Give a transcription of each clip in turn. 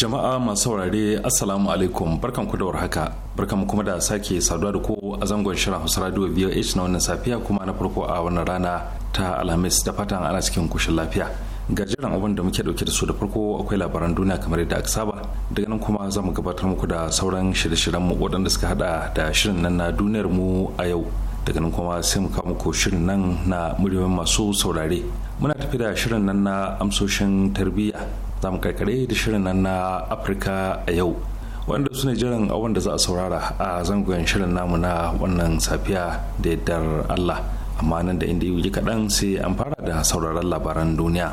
jama'a masu saurare assalamu alaikum barkan ku da warhaka barkan kuma da sake saduwa da ku a zangon shirin hausa radio voh na wannan safiya kuma na farko a wannan rana ta alhamis da fatan ana cikin kushin lafiya ga jiran abin da muke dauke da su da farko akwai labaran duniya kamar yadda aka saba daga nan kuma za mu gabatar muku da sauran shirye-shiryen mu waɗanda suka hada da shirin nan na duniyar mu a yau daga nan kuma sai mu kawo muku shirin nan na muryoyin masu saurare muna tafi da shirin nan na amsoshin tarbiyya za mu karkare da shirin nan na afirka a yau wanda su ne jiran awon da za a saurara a zangon shirin namu na wannan safiya da yardar allah amma nan da inda yi kaɗan sai an fara da sauraron labaran duniya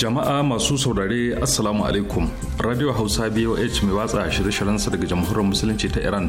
jama'a masu saurare assalamu alaikum radio hausa boh mai watsa shirye-shiryensa daga jamhuriyar musulunci ta iran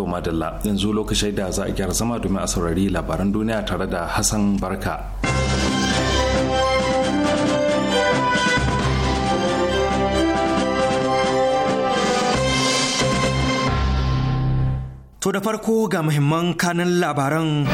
To madalla yanzu lokacin da za a gyara zama domin a saurari labaran duniya tare da Hassan Barka. To da farko ga muhimman kanin labaran.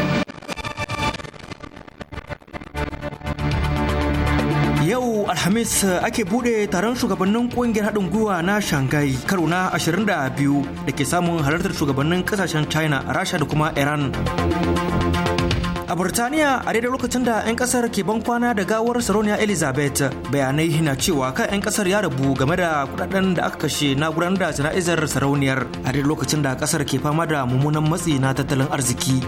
alhamis eh, ake bude taron shugabannin kungiyar haɗin gwiwa na shanghai karo na 22 da ke samun halartar shugabannin kasashen china rasha da kuma iran a burtaniya a daidai lokacin da 'yan kasar ke ban kwana da gawar sarauniya elizabeth bayanai na cewa kan 'yan kasar ya rabu game da kudaden da aka kashe na gudanar da sana'izar sarauniyar a daidai lokacin da kasar ke fama da mummunan matsi na tattalin arziki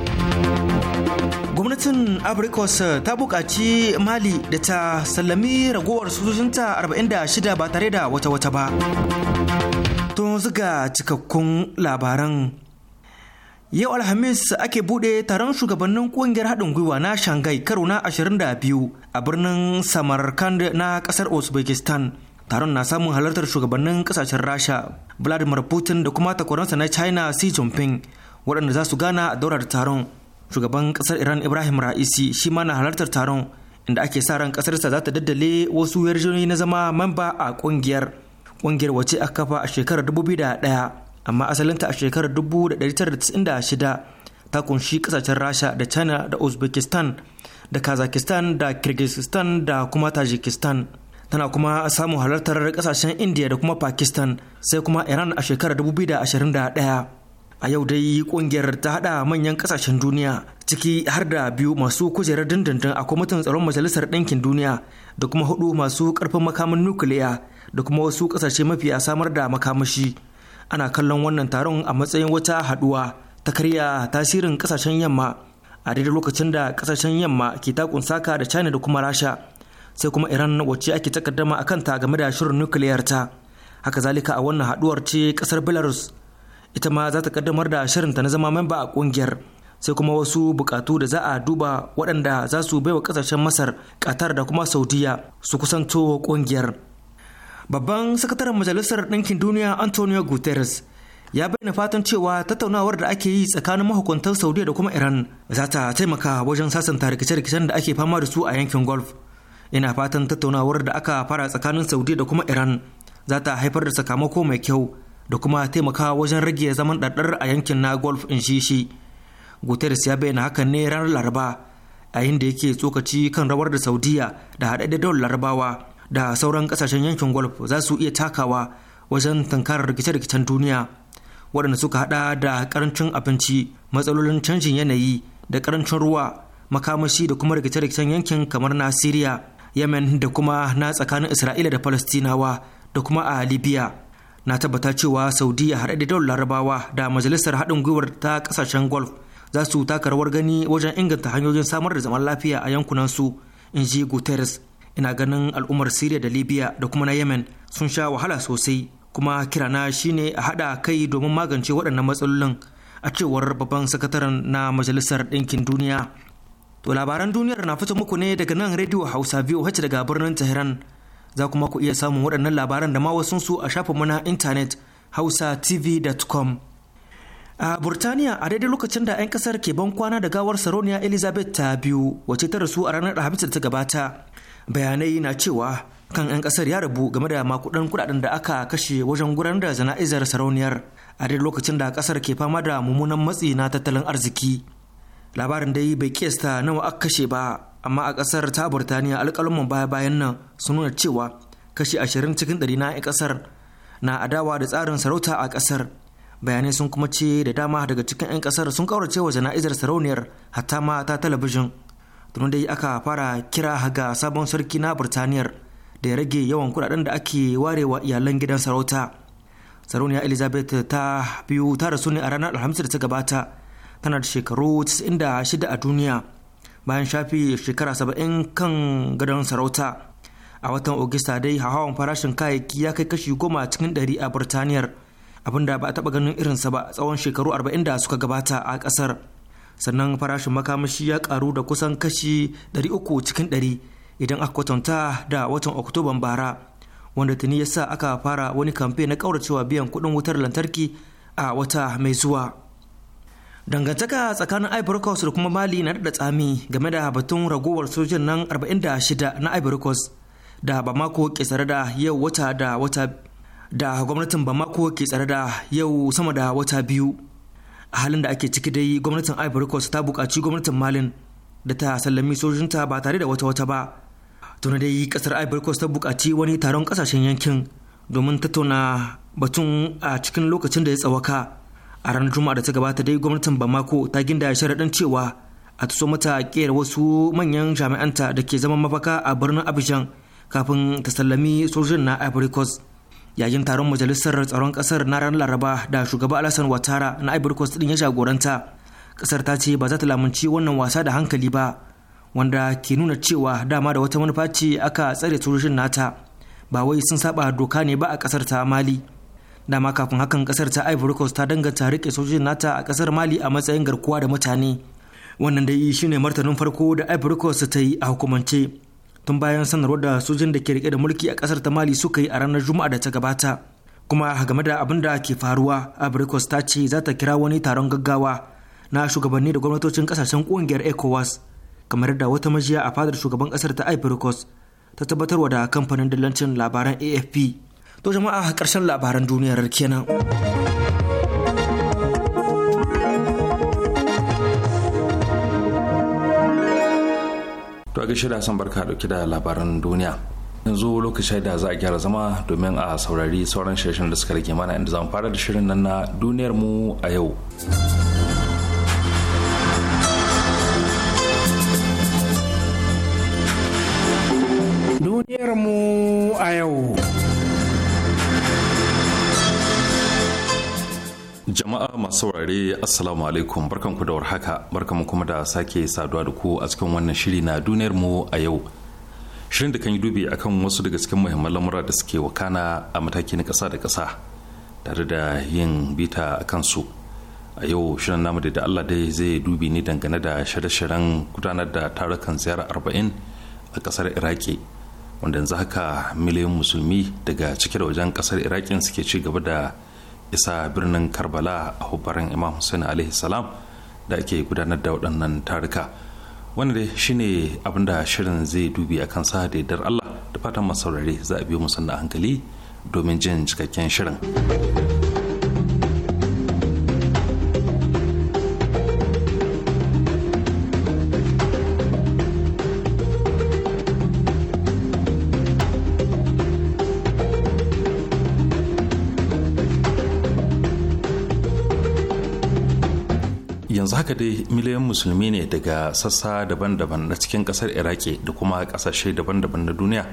gwamnatin Abrikos ta buƙaci Mali da ta sallami ragowar sojojinta 46 ba tare da wata-wata ba. To zuga cikakkun labaran. Yau Alhamis ake bude taron shugabannin ƙungiyar haɗin gwiwa na Shanghai karo na 22 a birnin Samarkand na ƙasar Uzbekistan. taron na samun halartar shugabannin ƙasashen rasha vladimir putin da kuma takwaransa na china xi jinping waɗanda za su gana a daular taron shugaban kasar iran ibrahim ra'isi shi ma na halartar taron inda ake sa ran kasarsa za ta daddale wasu yarjejeniyoyi na zama mamba a kungiyar kungiyar wace aka kafa a shekarar 2001 amma asalinta a shekarar 1996 ta kunshi kasashen rasha da china da uzbekistan da kazakistan da kyrgyzstan da kuma tajikistan tana kuma samun halartar kasashen india da kuma pakistan sai kuma iran a shekarar 2021 a yau dai kungiyar ta hada manyan kasashen duniya ciki har da biyu masu kujerar dindindin a kwamitin tsaron majalisar ɗinkin duniya da kuma hudu masu karfin makamin nukiliya da kuma wasu kasashe mafiya samar da makamashi ana kallon wannan taron a matsayin wata haduwa ta karya tasirin kasashen yamma a daidai lokacin da ƙasashen yamma ke takun saka da china da kuma rasha sai kuma iran wacce ake takaddama a kanta game da shirin nukiliyar ta haka zalika a wannan haduwar ce kasar belarus ita ma za ta kaddamar da shirinta na zama memba a kungiyar sai kuma wasu bukatu da za a duba waɗanda za su baiwa ƙasashen masar qatar da kuma saudiya su kusanto kungiyar babban sakataren majalisar ɗinkin duniya antonio guterres ya bayyana fatan cewa tattaunawar da ake yi tsakanin mahukuntar saudiya da kuma iran za ta taimaka wajen sasanta rikice-rikicen da ake fama da su a yankin golf ina fatan tattaunawar da aka fara tsakanin saudiya da kuma iran za ta haifar da sakamako mai kyau da kuma taimakawa wajen rage zaman ɗaɗɗar a yankin na golf in shi shi guterres ya bayyana hakan ne ranar laraba yayin da yake tsokaci kan rawar da saudiya da haɗaɗɗen dawar larabawa da sauran ƙasashen yankin golf za su iya takawa wajen tankar rikice-rikicen duniya waɗanda suka haɗa da ƙarancin abinci matsalolin canjin yanayi da ƙarancin ruwa makamashi da kuma rikice-rikicen yankin kamar na siriya yemen da kuma na tsakanin isra'ila da falastinawa da kuma a libya na tabbata cewa saudiya haɗe da daular larabawa da majalisar haɗin gwiwar ta ƙasashen golf za su taka rawar gani wajen inganta hanyoyin samar da zaman lafiya a yankunan su in ji guterres ina ganin al'ummar syria da libya da kuma na yemen sun sha wahala sosai kuma kirana shine a haɗa kai domin magance waɗannan matsalolin a cewar babban sakataren na majalisar ɗinkin duniya to labaran duniyar na fito muku ne daga nan rediyo hausa biyu hace daga birnin tehran za kuma ku iya samun waɗannan labaran da ma wasu su a shafin na intanet hausa hausatv.com a burtaniya a daidai lokacin da 'yan kasar ke ban kwana da gawar saroniya elizabeth ta biyu wace ta rasu a ranar alhamis da ta gabata bayanai na cewa kan 'yan kasar ya rabu game da makudan kudaden da aka kashe wajen gudanar da jana'izar sarauniyar a daidai lokacin da kasar ke fama da mummunan matsi na tattalin arziki labarin dai bai kiyasta nawa aka kashe ba amma a kasar ta burtaniya alkalman baya-bayan nan sun nuna cewa kashi ashirin cikin ɗari na 'yan kasar na adawa da tsarin sarauta a kasar bayanai sun kuma ce da dama daga cikin 'yan kasar sun kaurace wa jana'izar sarauniyar hatta ma ta talabijin tun dai aka fara kira ga sabon sarki na burtaniyar da ya rage yawan kudaden da ake warewa iyalan gidan sarauta sarauniya elizabeth ta biyu ta rasu ne a ranar alhamis da ta gabata tana da shekaru 96 a duniya bayan shafi shekara saba'in kan gadon sarauta a watan ogista dai hawan farashin kayayyaki ya kai kashi goma cikin ɗari a birtaniyar abinda ba a taɓa ganin irinsa ba tsawon shekaru arba'in da suka gabata a ƙasar sannan farashin makamashi ya karu da kusan kashi ɗari uku cikin ɗari idan aka kwatanta da watan oktoban bara wanda tuni ya sa aka fara wani kamfe na ƙauracewa biyan kuɗin wutar lantarki a wata mai zuwa dangantaka tsakanin ivory coast da kuma mali na da tsami game da batun ragowar sojin nan 46 na ivory coast da bamako ke tsare da yau wata da wata da gwamnatin bamako ke tsare da yau sama da wata biyu a halin da ake ciki dai gwamnatin ivory coast ta bukaci gwamnatin malin da ta sallami sojinta ba tare da wata wata ba tuna dai kasar ivory coast ta bukaci wani taron ƙasashen yankin domin tattauna batun a cikin lokacin da ya tsawaka a ranar juma'a da ta gabata dai gwamnatin bamako ta ginda sharaɗin cewa a so mata ƙera wasu manyan jami'anta da ke zama mafaka a birnin abidjan kafin ta sallami sojin na ivory coast yayin taron majalisar tsaron ƙasar na ranar laraba da shugaba alasan watara na ivory coast ɗin ya jagoranta ƙasar ta ce ba za ta lamunci wannan wasa da hankali ba wanda ke nuna cewa dama da wata manufaci aka tsare sojin nata ba wai sun saba doka ne ba a ƙasar ta mali dama kafin hakan kasar ta ivory coast ta danganta rike sojojin nata a kasar mali a matsayin garkuwa da mutane wannan dai shine martanin farko da ivory coast ta yi a hukumance tun bayan sanarwar da sojin da ke rike da mulki a kasar ta mali suka yi a ranar juma'a da ta gabata kuma game da abin da ke faruwa ivory coast ta ce za ta kira wani taron gaggawa na shugabanni da gwamnatocin kasashen kungiyar ecowas kamar da wata majiya a fadar shugaban kasar ta ivory coast ta tabbatarwa da kamfanin dillancin labaran afp To jama'a ƙarshen labaran duniyar kenan. To gaishe da son barka dauke da labaran duniya. Yanzu lokacin da za a gyara zama domin a saurari sauran shirin da suka rage mana inda zan fara da shirin nan na duniyar mu a yau. Duniyar mu a yau. Jama'a masu saurare Assalamu alaikum barkanku da warhaka barkanku kuma da sake saduwa da ku a cikin wannan shiri na duniyar mu a yau. Shirin da kan yi dubi akan wasu daga cikin muhimman lamura da suke wakana a mataki na ƙasa da kasa tare da yin bita a kansu. A yau shirin namu da Allah dai zai dubi ne dangane da shirye-shiryen gudanar da tarukan ziyara arba'in a ƙasar Iraki wanda yanzu haka miliyan musulmi daga cike da wajen ƙasar Irakin suke ci gaba da isa birnin karbala a hubbaran imam hussein alaihi salam da ke gudanar da waɗannan tarika wani dai shine abinda shirin zai dubi a sa da yardar allah da fatan masaurari za a biyo musanna hankali domin jin cikakken shirin. yanzu haka dai miliyan musulmi ne daga sassa daban-daban na cikin kasar iraki da kuma kasashe daban-daban na duniya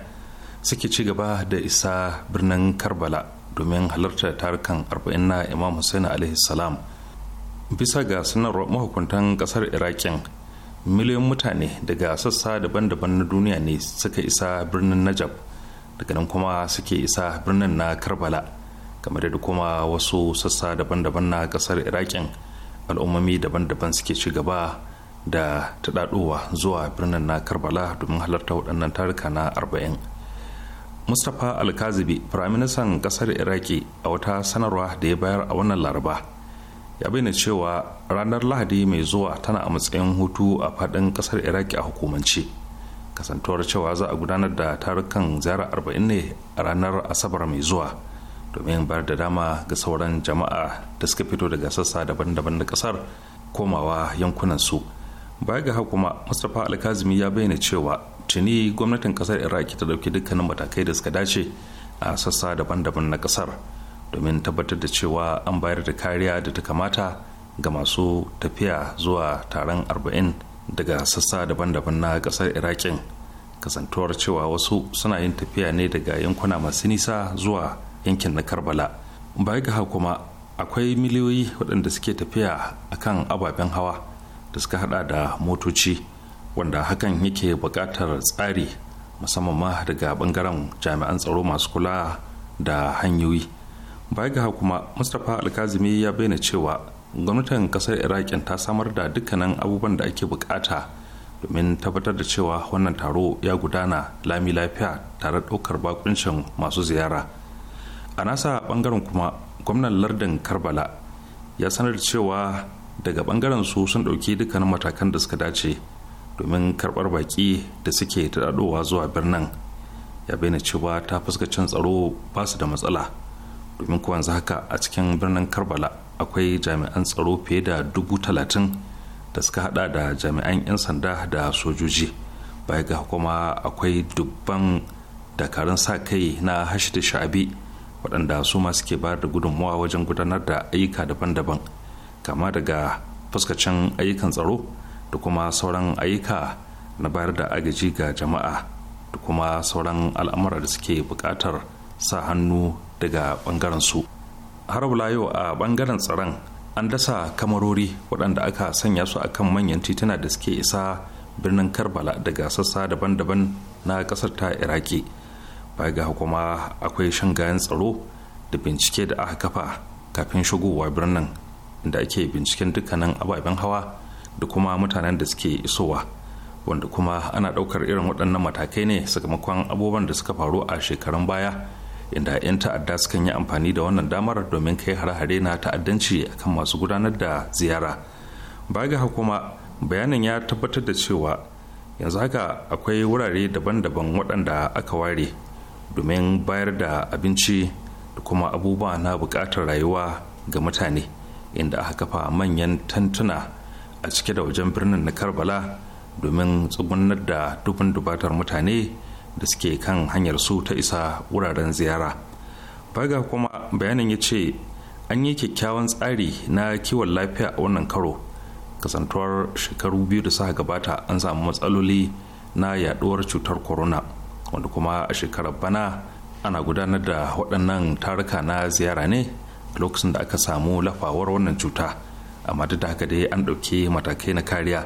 suke ci gaba da isa birnin karbala domin halartar tarukan arba'in na imam hussein alaihi salam bisa ga sanarwar mahukuntan kasar irakin miliyan mutane daga sassa daban-daban na duniya ne suka isa birnin najab daga nan kuma suke isa birnin na karbala kamar da kuma wasu sassa daban-daban na kasar irakin al'ummomi daban-daban suke ci gaba da taɗaɗowa zuwa birnin na karbala domin halarta waɗannan taruka na arba'in mustapha alkazibi firaministan ƙasar iraki a wata sanarwa da ya bayar a wannan laraba ya bayyana cewa ranar lahadi mai zuwa tana a matsayin hutu a faɗin ƙasar iraki a hukumance kasantuwar cewa za a gudanar da tarukan ziyara arba'in ne a ranar asabar mai zuwa domin bar da dama ga sauran jama'a da suka fito daga sassa daban-daban na kasar komawa yankunan su baya ga kuma mustapha alkazimi ya bayyana cewa tuni gwamnatin kasar iraki ta dauki dukkanin matakai da suka dace a sassa daban-daban na kasar domin tabbatar da cewa an bayar da kariya da ta kamata ga masu tafiya zuwa taron 40 daga sassa daban-daban na kasar irakin kasantuwar cewa wasu suna yin tafiya ne daga yankuna masu nisa zuwa yankin na karbala baya ga kuma akwai miliyoyi waɗanda suke tafiya akan ababen hawa da suka hada da motoci wanda hakan yake buƙatar tsari musamman ma daga ɓangaren jami'an tsaro masu kula da hanyoyi baya ga kuma mustapha alkazimi ya bayyana cewa gwamnatin ƙasar iraƙin ta samar da dukkanin abubuwan da ake bukata domin tabbatar da cewa wannan taro ya gudana lami lafiya tare ɗaukar bakuncin masu ziyara a nasa bangaren kuma gwamnan lardin karbala ya sanar da cewa daga bangaren su sun dauki dukkanin matakan da suka dace domin karbar baki da suke daɗowa zuwa birnin ya bayyana cewa ta fuskacin tsaro ba su da matsala domin kuwan yanzu haka a cikin birnin karbala akwai jami'an tsaro fiye da dubu talatin da suka hada da jami'an 'yan sanda da sojoji baya ga kuma akwai dubban dakarun sa kai na hashi da sha'abi waɗanda su masu suke bayar da gudunmawa wajen gudanar da ayyuka daban-daban kama daga fuskacin ayyukan tsaro da kuma sauran ayyuka na bayar da agaji ga jama'a da kuma sauran al'amura da suke buƙatar sa hannu daga ɓangaren su har wula yau a ɓangaren tsaron an dasa kamarori waɗanda aka sanya su a kan manyan tituna da suke isa birnin karbala daga sassa daban-daban na ƙasar ta iraki baya ga kuma akwai shan gayan tsaro da bincike da aka kafa kafin shigowa birnin da ake binciken dukkanin ababen hawa da kuma mutanen da suke isowa wanda kuma ana ɗaukar irin waɗannan matakai ne sakamakon abubuwan da suka faru a shekarun baya inda 'yan ta'adda sukan yi amfani da wannan damar domin kai hare-hare na ta'addanci akan masu gudanar da ziyara baya ga kuma bayanin ya tabbatar da cewa yanzu haka akwai wurare daban-daban waɗanda aka ware domin bayar da abinci da kuma abubuwa na bukatar rayuwa ga mutane inda aka kafa manyan tantuna a cike da wajen birnin na karbala domin tsugunar da dubin dubatar mutane da suke kan hanyar su ta isa wuraren ziyara baga kuma bayanin ya ce an yi kyakkyawan tsari na kiwon lafiya a wannan karo kasantuwar shekaru biyu da suka gabata an samu matsaloli na yaduwar cutar corona wanda kuma a shekarar bana ana gudanar da waɗannan taruka na ziyara ne lokacin da aka samu lafawar wannan cuta amma duk da haka dai an ɗauki matakai na kariya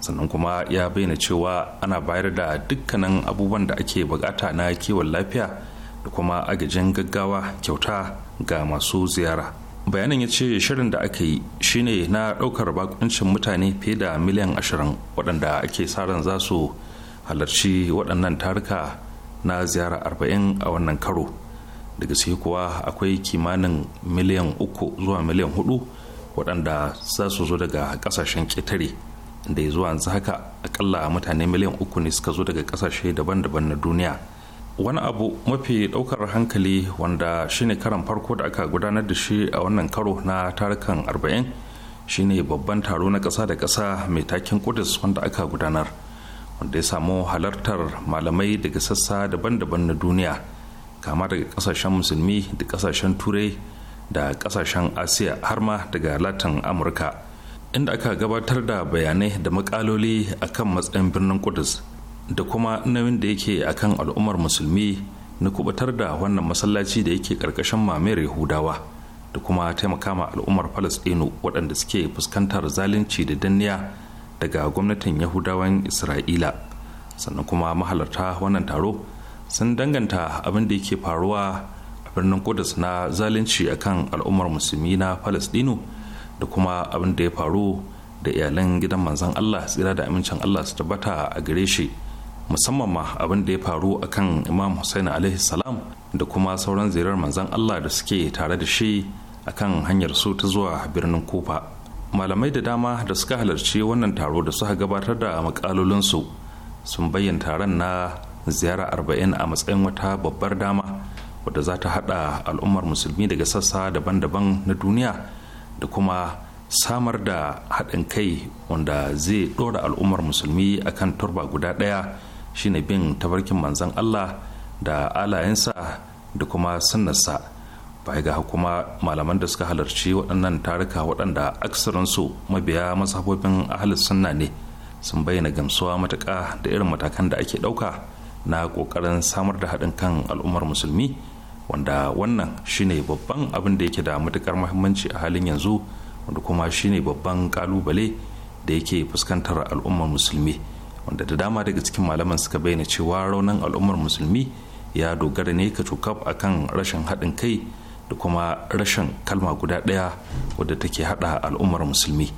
sannan kuma ya bayyana cewa ana bayar da dukkanin abubuwan da ake bukata na kiwon lafiya da kuma agajin gaggawa kyauta ga masu ziyara bayanin ya ce shirin da aka yi shine na ɗaukar bakuncin mutane fiye da miliyan ashirin waɗanda ake sa ran za su halarci waɗannan taruka na ziyara arba'in a wannan karo daga sai kuwa akwai kimanin miliyan uku zuwa miliyan hudu waɗanda za su zo daga ƙasashen ƙetare da ya zuwa yanzu haka akalla mutane miliyan uku ne suka zo daga ƙasashe daban-daban na duniya wani abu mafi ɗaukar hankali wanda shine karan farko da aka gudanar da shi a wannan karo na tarukan arba'in shine babban taro na ƙasa da ƙasa mai takin kudus wanda aka gudanar wanda ya samu halartar malamai daga sassa daban-daban na duniya kama daga kasashen musulmi da kasashen turai da kasashen asiya har ma daga latin amurka inda aka gabatar da bayanai da makaloli akan matsayin birnin kudus da kuma nauyin da yake akan al'ummar musulmi na kubatar da wannan masallaci da yake karkashin mamayar yahudawa da kuma taimaka ma al'ummar falastinu waɗanda suke fuskantar zalunci da danniya daga gwamnatin yahudawan isra'ila sannan kuma mahalarta wannan taro sun danganta abin da yake faruwa a birnin kudus na zalunci akan al'ummar musulmi na falasdino da kuma abin da ya faru da iyalan gidan manzon allah tsira da amincin allah su tabbata a gare shi musamman ma abin da ya faru akan imam hussein alaihi salam da kuma sauran ziyarar manzon allah da suke tare da shi akan hanyar su ta zuwa birnin kufa malamai da dama da suka halarci wannan taro da suka gabatar da makalolinsu sun bayyana taron na ziyara arba'in a matsayin wata babbar dama wadda za ta haɗa al'ummar musulmi daga sassa daban-daban na duniya da kuma samar da haɗin kai wanda zai ɗora al'ummar musulmi akan turba guda ɗaya shine bin tabarkin manzan allah da alayensa da kuma sunnarsa baya ga kuma malaman da suka halarci waɗannan tarika waɗanda aksarinsu mabiya mazhabobin ahalus sunna ne sun bayyana gamsuwa matuƙa da irin matakan da ake ɗauka na ƙoƙarin samar da haɗin kan al'ummar musulmi wanda wannan shine babban abin da yake da matuƙar muhimmanci a halin yanzu wanda kuma shine babban ƙalubale da yake fuskantar al'ummar musulmi wanda da dama daga cikin malaman suka bayyana cewa raunin al'ummar musulmi ya dogara ne ka cokaf akan rashin haɗin kai da kuma rashin kalma guda ɗaya wadda take hada al'ummar musulmi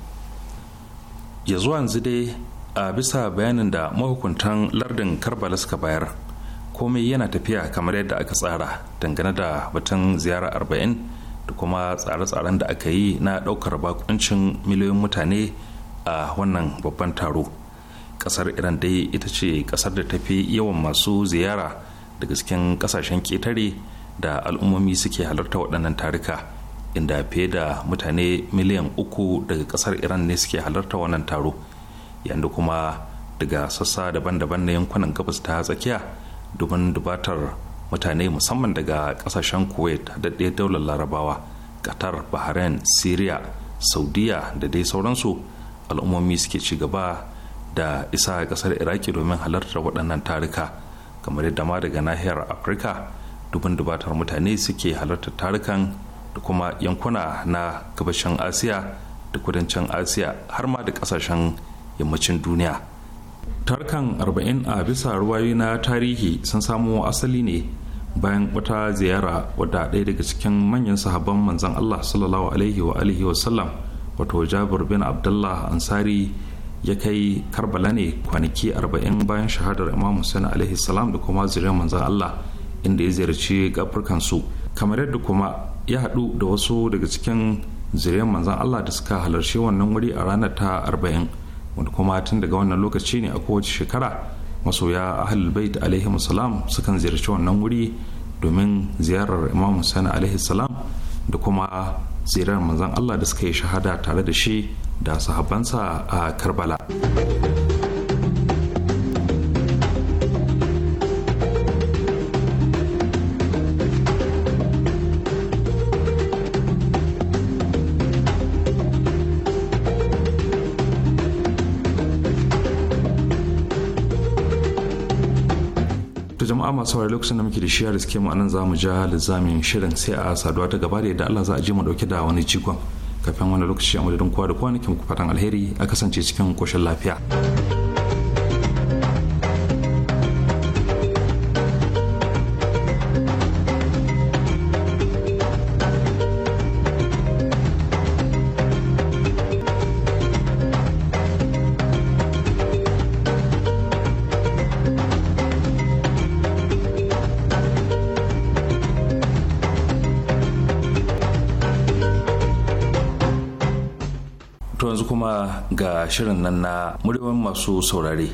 ya zuwa dai a bisa bayanin da mahukuntan lardin karbala suka bayar komai yana tafiya kamar yadda aka tsara dangane da batun ziyara arba'in da kuma tsare-tsaren da aka yi na ɗaukar bakuncin miliyoyin mutane a wannan babban taro kasar iran dai ita ce kasar da tafi yawan masu ziyara daga cikin kasashen ketare. da al'ummomi suke halarta waɗannan tarika inda fiye da mutane miliyan uku daga ƙasar iran ne suke halarta wannan taro yanda kuma daga sassa daban-daban na yankunan gabas ta tsakiya domin dubatar mutane musamman daga ƙasashen kuwait daɗe daular larabawa qatar bahrain syria saudiya da dai sauransu al'ummomi suke ci gaba da isa ƙasar iraki domin halartar waɗannan tarika kamar yadda ma daga nahiyar afirka dubin dubatar mutane suke halartar tarukan da kuma yankuna na gabashin asiya da kudancin asiya har ma da kasashen yammacin duniya tarkan 40 a bisa ruwayi na tarihi sun samo asali ne bayan wata ziyara wadda ɗaya daga cikin manyan sahabban manzan allah sallallahu alaihi wa alihi wa wato jabir bin abdullah ansari ya kai karbala ne kwanaki 40 bayan shahadar imam hussein alaihi salam da kuma zuriyar manzan allah inda ya ziyarci su kamar yadda kuma ya haɗu da wasu daga cikin zuriyar manzan Allah da suka halarci wannan wuri a ranar ta arba'in wanda kuma tun daga wannan lokaci ne a kowace shekara masoya ahlul bait alaihi salam sukan ziyarci wannan wuri domin ziyarar imam Hussein alaihi salam da kuma ziyarar manzan Allah da suka yi shahada tare da shi da sahabansa a Karbala. masu wari lokacin da muke da shi riske mu anan za mu ja lizamin shirin sai a saduwa ta gaba da yadda Allah za a je mu dauke da wani cikon kafin wani lokaci a madadin kowa da kowa nake muku fatan alheri a kasance cikin koshin lafiya. kuma ga shirin nan na muryoyin masu saurare.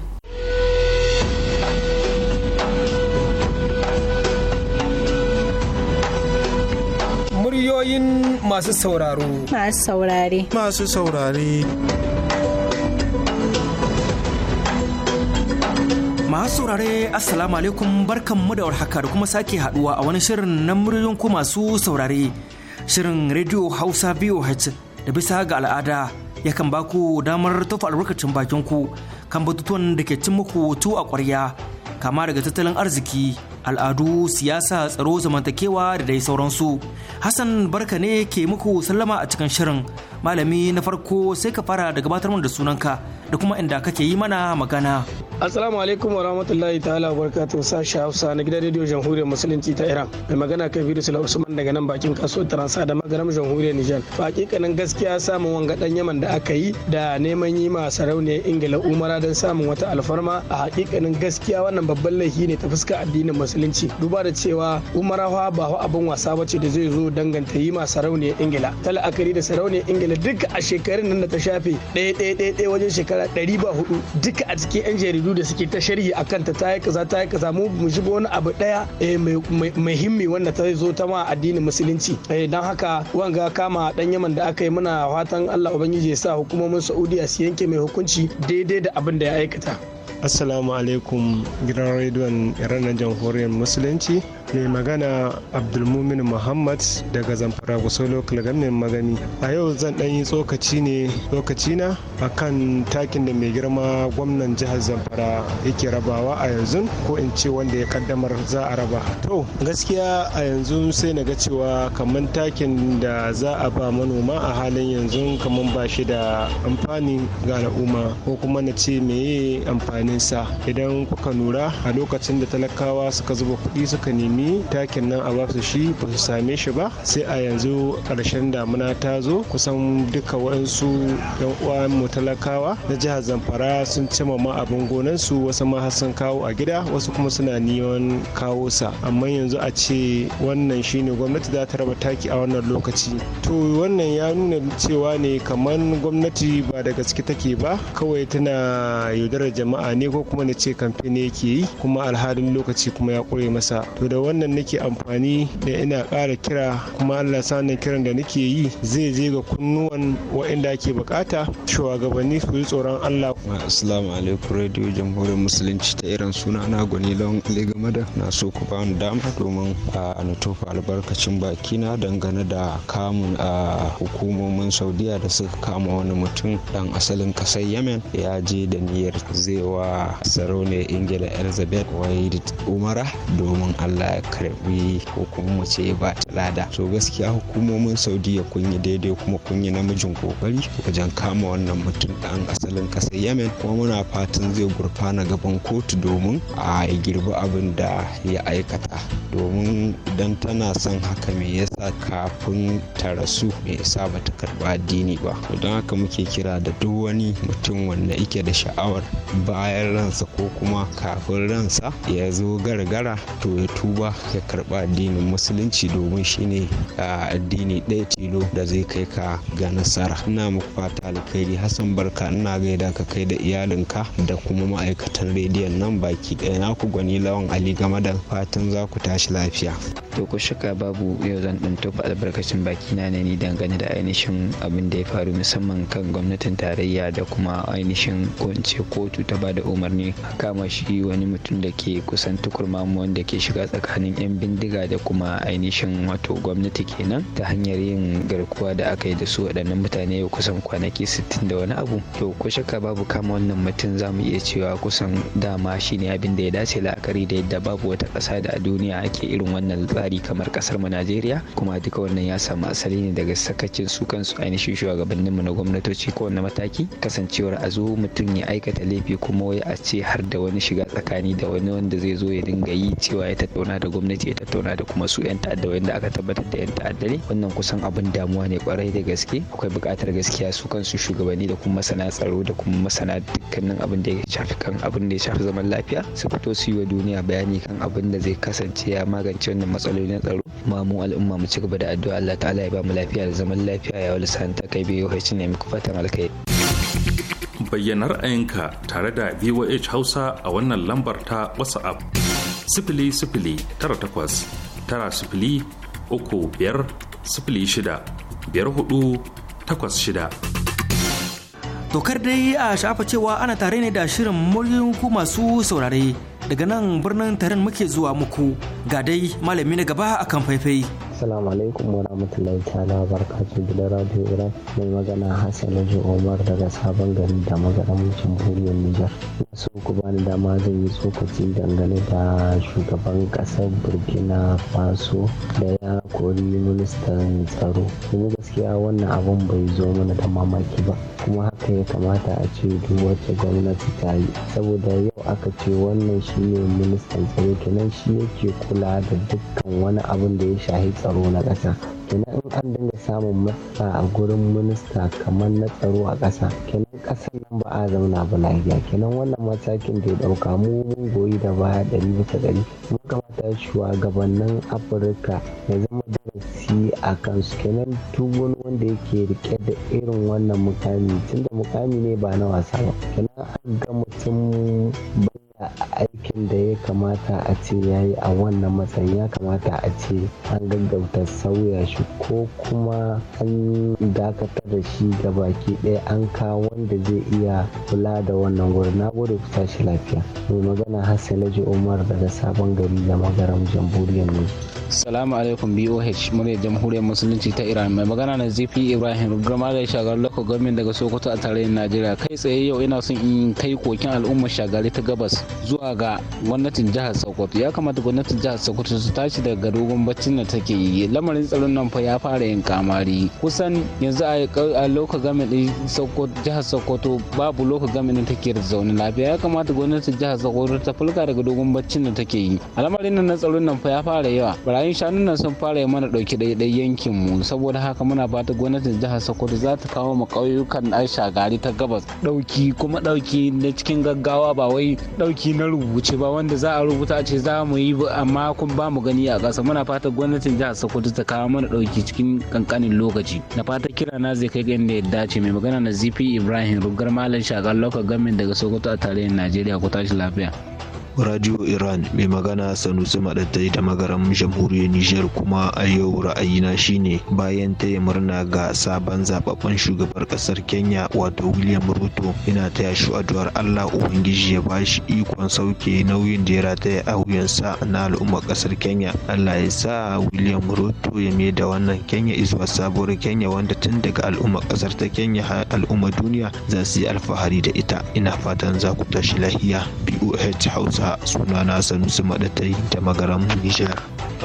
Muryoyin masu sauraro. Masu saurare. Masu saurare. masu saurare assalamu alaikum barkan mu da warhaka da kuma sake haduwa a wani shirin na muryoyin ku masu saurare shirin radio hausa voh da bisa ga al'ada yakan ba ku damar tafa albarkacin bakin ku kan batutuwan da ke cin muku tu a ƙwarya kama daga tattalin arziki al'adu siyasa tsaro zamantakewa da dai sauransu hassan barka ne ke muku sallama a cikin shirin malami na farko sai ka fara da gabatar mana da sunanka da kuma inda kake yi mana magana. Assalamu alaikum wa rahmatullahi ta'ala wa sashi Hausa na gidan rediyo Jamhuriyar Musulunci ta Iran. Mai magana Kabiru la Usman daga nan bakin kasuwar Transa da magaram Jamhuriyar Nijar. To hakikanin gaskiya samun wanga dan Yaman da aka yi da neman yi ma sarauniyar Ingila Umara dan samun wata alfarma a hakikanin gaskiya wannan babban laifi ne ta fuska addinin Musulunci. Duba da cewa Umara fa ba fa abin wasa bace da zai zo danganta yi ma sarauniyar Ingila. Ta la'akari da sarauniyar Ingila duka a shekarun nan da ta shafe ɗaya ɗaya ɗaya wajen shekara ɗari duka a cikin 'yan jaridu jaridu da suke ta sharhi a kanta ta yi kaza ta yi kaza mu mu shigo wani abu daya eh, mai himmi wanda ta zo ta ma addinin musulunci eh, don haka wanga kama dan yaman da aka yi muna fatan Allah ubangiji ya sa hukumomin Saudiya su yanke mai hukunci daidai da abin da ya aikata assalamu alaikum gidan rediyon ranar jamhuriyar musulunci mai magana abdulmumin muhammad daga zamfara lokal kilgamin magani a yau zan dan yi tsokaci ne tsokaci na akan takin da mai girma gwamnan jihar zamfara yake rabawa a yanzu ko in ce wanda ya kaddamar za a raba to gaskiya a yanzu sai na ga cewa kamar takin da za a ba manoma a halin yanzu kamar ba shi da amfani ga al'umma ko kuma na ce meye amfani maganin idan kuka lura a lokacin da talakawa suka zuba kuɗi suka nemi takin nan a basu shi ba su same shi ba sai a yanzu ƙarshen damuna ta zo kusan duka waɗansu yan uwan mu talakawa na jihar zamfara sun cima ma abin su wasu ma har sun kawo a gida wasu kuma suna neman kawo sa amma yanzu a ce wannan shine gwamnati za ta raba taki a wannan lokaci to wannan ya nuna cewa ne kamar gwamnati ba da gaske take ba kawai tana yaudarar jama'a ne ko kuma na ce kamfe ne yake yi kuma alhalin lokaci kuma ya kure masa to da wannan nake amfani da ina ƙara kira kuma allah sanin kiran da nake yi zai je ga kunnuwan waɗanda ake bukata shugabanni su yi tsoron allah assalamu alaikum radio jamhuriyar musulunci ta irin suna na gwani lawan game na so ku ba dama domin a nutofa albarkacin bakina dangane da kamun a hukumomin saudiya da suka kama wani mutum dan asalin kasar yemen ya je da niyyar zaiwa wa sarauniyar ingila elizabeth wai umara domin allah ya karbi ko kuma ce ba lada to gaskiya hukumomin saudiya kun yi daidai kuma kun yi namijin kokari wajen kama wannan mutum an asalin kasar yamen. kuma muna fatan zai gurfana gaban kotu domin a girbi abin da ya aikata domin idan tana son haka me yasa kafin ta rasu me yasa ba ta karba addini ba don haka muke kira da duk wani mutum wanda ike da sha'awar baya bayan ransa ko kuma kafin ransa ya zo gargara to ya tuba ya karba addinin musulunci domin shine addini ɗaya tilo da zai kai ka ga nasara ina muku fata alkhairi hassan barka ina gaida ka kai da iyalinka da kuma ma'aikatan rediyon nan baki ɗaya na ku gwani lawan ali game da fatan za ku tashi lafiya to ku shika babu yau zan ɗan tofa albarkacin baki na ne dangane da ainihin abin da ya faru musamman kan gwamnatin tarayya da kuma ainihin kunce kotu ta bada umarni kama shi wani mutum da ke kusan tukurmamu wanda ke shiga tsakanin 'yan bindiga da kuma ainihin wato gwamnati kenan ta hanyar yin garkuwa da aka yi da su waɗannan mutane kusan kwanaki sittin da wani abu to ko shakka babu kama wannan mutum za mu iya cewa kusan dama shi ne abin da ya dace la'akari da yadda babu wata ƙasa da a duniya ake irin wannan tsari kamar ƙasar mu Najeriya kuma duka wannan ya samu asali ne daga sakacin su kansu ainihin shugabanninmu na gwamnatoci kowanne mataki kasancewar a zo mutum ya aikata laifi kuma kawai a ce har da wani shiga tsakani da wani wanda zai zo ya dinga yi cewa ya tattauna da gwamnati ya tattauna da kuma su 'yan ta'adda wanda aka tabbatar da 'yan ta'adda ne wannan kusan abin damuwa ne kwarai da gaske akwai buƙatar gaskiya su kansu shugabanni da kuma masana tsaro da kuma masana dukkanin abin da ya shafi kan abin da ya shafi zaman lafiya su fito su yi wa duniya bayani kan abin da zai kasance ya magance wannan matsaloli na tsaro ma mu al'umma mu ci gaba da addu'a Allah ta'ala ya ba mu lafiya da zaman lafiya ya santa kai biyu hacin ne a fatan alkai bayyana ra'ayinka tare da voh hausa a wannan lambar ta whatsapp sifili sifili tara takwas tara sifili uku biyar sifili shida biyar hudu takwas shida tokar dai a shafa cewa ana tare ne da shirin muryin ku masu saurare daga nan birnin taron muke zuwa muku ga dai malami na gaba akan faifai Assalamu alaikum wa rahmatullahi ta'ala barakatuh gidan Radio Iran mai magana Hassan Lajo Omar daga sabon gari da magaran jamhuriyar Nijar. So ku bani dama zan yi tsokaci dangane da shugaban kasar Burkina Faso da ya kori ministan tsaro. gaskiya wannan abun bai zo mana da mamaki ba kuma haka ya kamata a ce duk wacce gwamnati ta yi saboda yau aka ce wannan shi ne ministan tsaro kenan shi yake kula da dukkan wani abun da ya shahi tsaro na ƙasa kenan in an dinga samun masa a gurin minista kamar na tsaro a ƙasa kenan ƙasar nan ba a zauna ba lafiya kenan wannan matakin da ya ɗauka mu mun goyi da baya ɗari bisa ɗari mun kamata shugabannin afirka ya zama darasi a kansu kenan duk wani wanda yake riƙe da irin wannan mukami tunda mukami ne ba na wasa ba kenan an ga mutum baya aikin da ya kamata a ce ya yi a wannan matsayin ya kamata a ce an gaggauta sauya shi ko kuma an dakatar da shi ga baki ɗaya an kawo wanda zai iya kula da wannan gurin na gode ku tashi lafiya mai magana ji umar daga sabon gari da magaram jamhuriyar ne salamu alaikum boh murya jamhuriyar musulunci ta iran mai magana na zifi ibrahim gama da shagar lokacin gwamnan daga sokoto a tarayyar najeriya kai tsaye yau ina son in kai kokin al'ummar shagari ta gabas zuwa ga gwamnatin jihar sokoto ya kamata gwamnatin jihar sokoto su tashi daga dogon baccin da take yi lamarin tsaron nan abin fa ya fara yin kamari kusan yanzu a loka gamin jihar sokoto babu loka game da take da zaune lafiya ya kamata gwamnatin jihar sokoto ta fulka daga dogon baccin da take yi al'amarin nan na tsaron nan fa ya fara yawa barayin shanun nan sun fara yi mana dauki ɗaiɗai yankin mu saboda haka muna fata gwamnatin jihar sokoto za ta kawo mu ƙauyukan aisha gari ta gabas dauki kuma dauki na cikin gaggawa ba wai dauki na rubuce ba wanda za a rubuta a ce za mu yi amma kun ba mu gani a ƙasa muna fata gwamnatin jihar sokoto ta kawo mana ɗauki cikin kankanin lokaci na fatan kira na zai kai ga inda ya dace mai magana na zifi ibrahim rugar malam shagar lokacin gamin daga sokoto a tarayyar najeriya ku tashi lafiya Radio Iran mai magana Sanusi Maɗattai da magaran jamhuriyar Nijar kuma a yau ra'ayina shine bayan ta yi murna ga sabon zababben shugabar ƙasar Kenya wato William Ruto ina taya shi addu'ar Allah Ubangiji ya bashi ikon sauke nauyin da ya rataya a wuyansa na al'ummar ƙasar Kenya. Allah ya sa William Ruto ya mai da wannan Kenya izuwa sabuwar Kenya wanda tun daga al'ummar kasar ta Kenya har al'ummar duniya za su yi alfahari da ita. Ina fatan za ku tashi lahiya. BOH Hausa haka sunana sanusi Madatai ta magaran nijar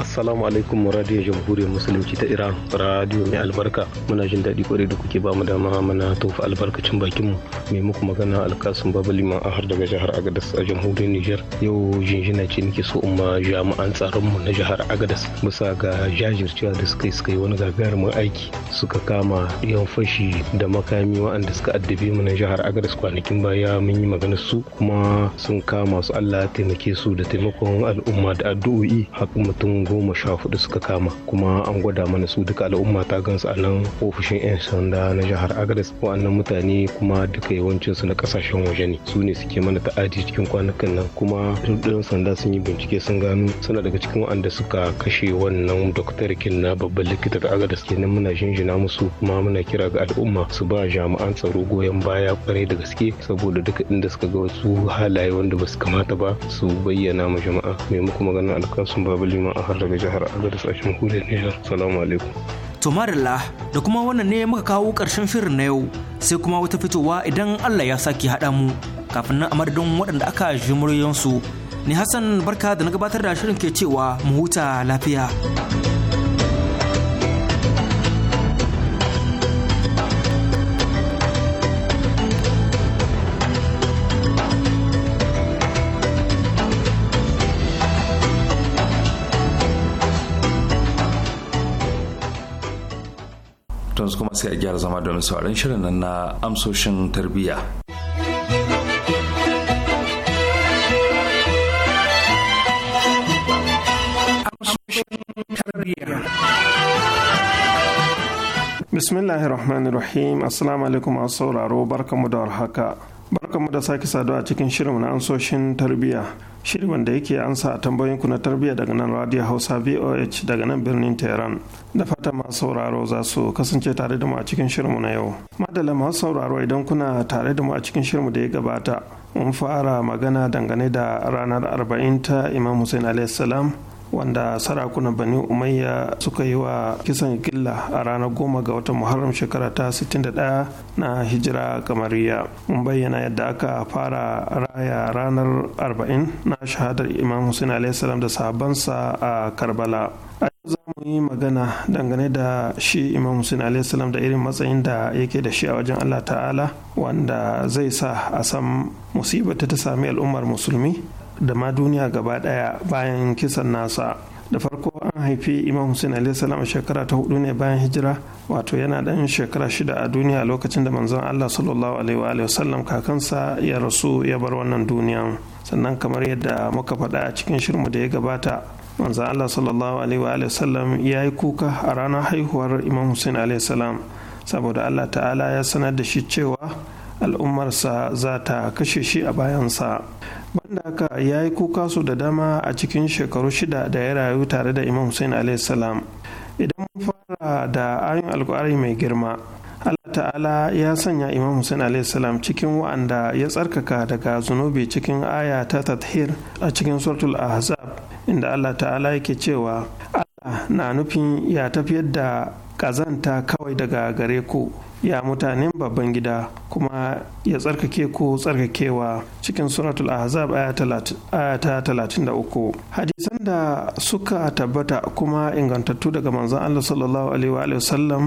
assalamu alaikum radio jamhuriyar musulunci ta iran radiyo mai albarka muna jin daɗi kwarai da kuke bamu dama mana tofa albarkacin bakin mu mai muku magana alkasun babu liman ahar daga jihar agadas a jamhuriyar nijar yau jinjina ce nake so in ma jami'an tsaron mu na jihar agadas bisa ga jajircewa da suka yi suka yi wani gagarumin aiki suka kama yan fashi da makami waɗanda suka addabe mu na jihar agadas kwanakin baya mun yi magana su kuma sun kama su allah taimake su da taimakon al'umma da addu'o'i har mutum goma sha hudu suka kama kuma an gwada mana su duka al'umma ta gansu a nan ofishin 'yan sanda na jihar agadas wa'annan mutane kuma duka yawancin su na kasashen waje ne su ne suke mana ta'adi cikin kwanakan nan kuma dukkan sanda sun yi bincike sun gano suna daga cikin wa'anda suka kashe wannan kin na babban likita da agadas kenan muna jinjina musu kuma muna kira ga al'umma su ba jami'an tsaro goyon baya kwarai da gaske saboda duka inda suka ga wasu halaye wanda ba su kamata ba su bayyana ma jama'a mai muku magana alkasun babu liman a har daga jihar agadis a jamhuriyar nijar salamu alaikum to da kuma wannan ne muka kawo ƙarshen shirin na yau sai kuma wata fitowa idan allah ya sake haɗa mu kafin nan a madadin waɗanda aka ji muryoyinsu ni hassan barka da na gabatar da shirin ke cewa mu huta lafiya sai a gyara zama domin sauran shirin nan na amsoshin tarbiyya. Bismillahirrahmanirrahim Assalamu alaikum masu sauraro barkamu da warhaka. barkamu da sake saduwa a cikin shirin na ansoshin tarbiyya shirin wanda yake ansa a tambayoyinku na tarbiyya daga nan radio hausa voh daga nan birnin tehran da fata masu sauraro za su kasance tare da mu a cikin shirinmu na yau madala masu sauraro idan kuna tare da mu a cikin shirinmu da ya gabata mun fara magana dangane da ranar arba'in ta imam hussein alayhi salam wanda sarakuna bani umayya suka yi wa kisan killa a ranar goma ga watan muharram shekara ta 61 na hijira kamariya mun bayyana yadda aka fara raya ranar 40 na shahadar imam hussein alaihissalam da sabonsa a karbala a za mu yi magana dangane da shi imam hussein alaihissalam da irin matsayin da yake da shi a wajen allah ta'ala wanda zai sa a san musibar ta sami al'ummar musulmi da ma duniya gaba daya bayan kisan nasa da farko an haifi imam hussein alaihi salam shekara ta hudu ne bayan hijira wato yana dan shekara shida a duniya lokacin da manzon allah sallallahu alaihi wasallam kakansa ya rasu ya bar wannan duniya sannan kamar yadda muka faɗa a cikin shirmu da ya gabata manzon allah sallallahu alaihi wasallam ya yi kuka a ranar haihuwar imam hussein alaihi salam saboda allah ta'ala ya sanar da shi cewa al'ummarsa za ta kashe shi a bayansa banda haka ya yi kuka su da dama a cikin shekaru shida da ya rayu tare da imam hussein salam idan mun fara da ayin alku'ari mai girma allah ta'ala ya sanya imam hussein salam cikin wa'anda ya tsarkaka daga zunubi cikin aya ta tathir a cikin suratul ahzab inda allah ta'ala yake cewa allah na nufin ya tafiyar da kazanta kawai daga gare ku ya mutanen babban gida kuma ya tsarkake ku tsarkakewa cikin suratul ahzab aya ta da hadisan da suka tabbata kuma ingantattu daga manzon allah sallallahu alaihi wa sallam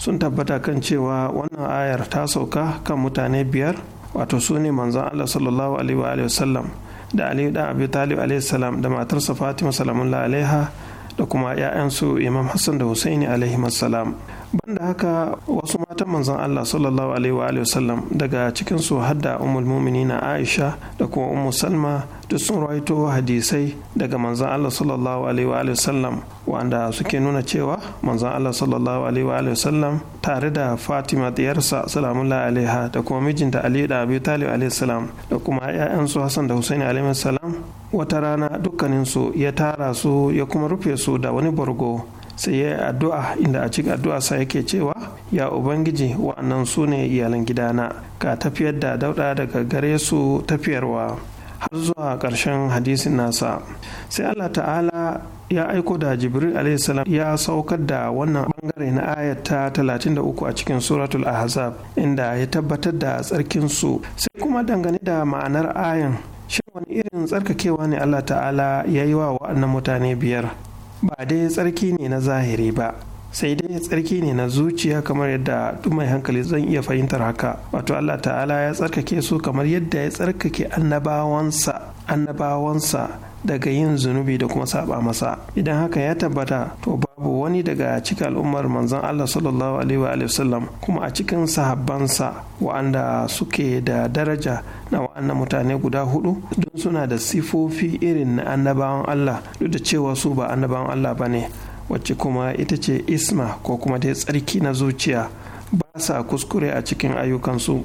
sun tabbata kan cewa wannan ayar ta sauka kan mutane biyar wato su ne manzon allah sallallahu alaihi wa sallam da aliyu da abi talib alaihi salam da matarsa fatima salamun alaiha da kuma 'ya'yansu imam hassan da husaini alaihi salam banda haka wasu matan manzon Allah sallallahu alaihi wa sallam daga cikin su hadda ummul mu'minina Aisha da kuma ummu Salma duk sun rawaito hadisai daga manzon Allah sallallahu alaihi wa sallam wanda suke nuna cewa manzon Allah sallallahu alaihi wa sallam tare da Fatima diyarsa salamullahi alaiha da kuma mijinta Ali da Abi Talib alaihi salam da kuma ƴaƴansu Hassan da Husaini alaihi salam wata rana dukkaninsu ya tara su ya kuma rufe su da wani borgo sai ya yi addu'a inda a cikin addu'a sa yake cewa ya ubangiji wa'annan su ne iyalan gidana ga tafiyar da dauda daga gare su tafiyarwa har zuwa ƙarshen hadisin nasa sai allah ta'ala ya aiko da jibril alaihissalam ya saukar da wannan bangare na talatin da uku a cikin suratul ahzab inda ya tabbatar da tsarkin su sai kuma dangane da ma'anar ayan shin wani irin tsarkakewa ne allah ta'ala ya yi wa wa'annan mutane biyar ba dai tsarki ne na zahiri ba sai dai tsarki ne na zuciya kamar yadda mai hankali zan iya fahimtar haka wato Allah ta'ala ya tsarkake su kamar yadda ya tsarkake annabawansa annabawansa daga yin zunubi da kuma saba masa idan haka ya tabbata to babu wani daga cikin al'ummar manzon Allah sallallahu alaihi wa kuma a cikin sahabbansa wa'anda suke da daraja na wa'annan mutane guda hudu don suna da sifofi irin na annabawan Allah duk da cewa su ba annabawan Allah bane wacce kuma ita ce isma ko kuma dai tsarki na zuciya ba sa kuskure a cikin ayyukansu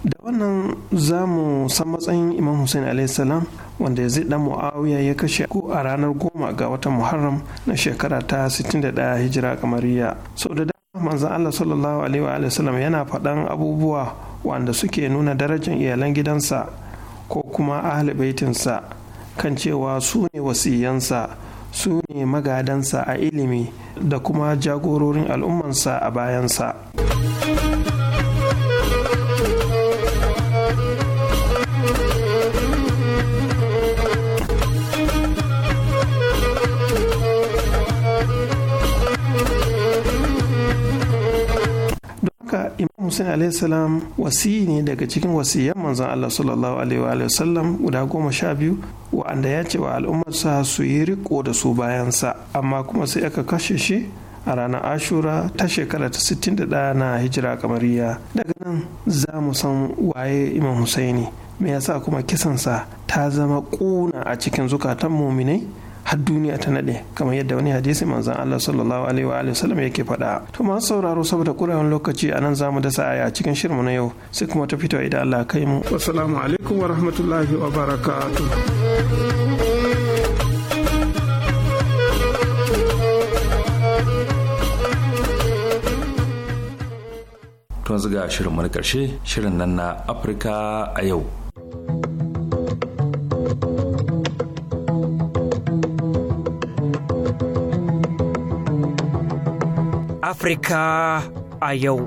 da wannan za mu san matsayin imam hussein alaihi wanda ya dan muawiya ya kashe ku a ranar goma ga watan muharram na shekara ta 61 hijira kamariya sau da dama manzan allah sallallahu alaihi wa sallam yana faɗan abubuwa wanda suke nuna darajar iyalan gidansa ko kuma ahli baitinsa kan cewa su ne wasiyansa su ne magadansa a ilimi da kuma jagororin al'ummansa a bayansa. imam hussein alaihi salam wasi ne daga cikin wasiyan manzon allah sallallahu alaihi wa sallam guda goma sha biyu wa'anda ya ce wa al'ummarsa su yi riko da su bayansa amma kuma sai aka kashe shi a ranar ashura ta shekara ta 61 na hijira kamariya daga nan za mu san waye imam husaini me yasa kuma kisansa ta zama kuna a cikin zukatan muminai har duniya ta nade kamar yadda wani hadisi manzon Allah sallallahu alaihi wa alihi wasallam yake faɗa to masu sauraro saboda ƙurewar lokaci a nan zamu dasa aya cikin shirmu na yau sai kuma ta fito idan Allah kai mu assalamu alaikum wa rahmatullahi wa barakatuh tun ga shirin mun karshe shirin nan na afirka a yau Afirka a yau.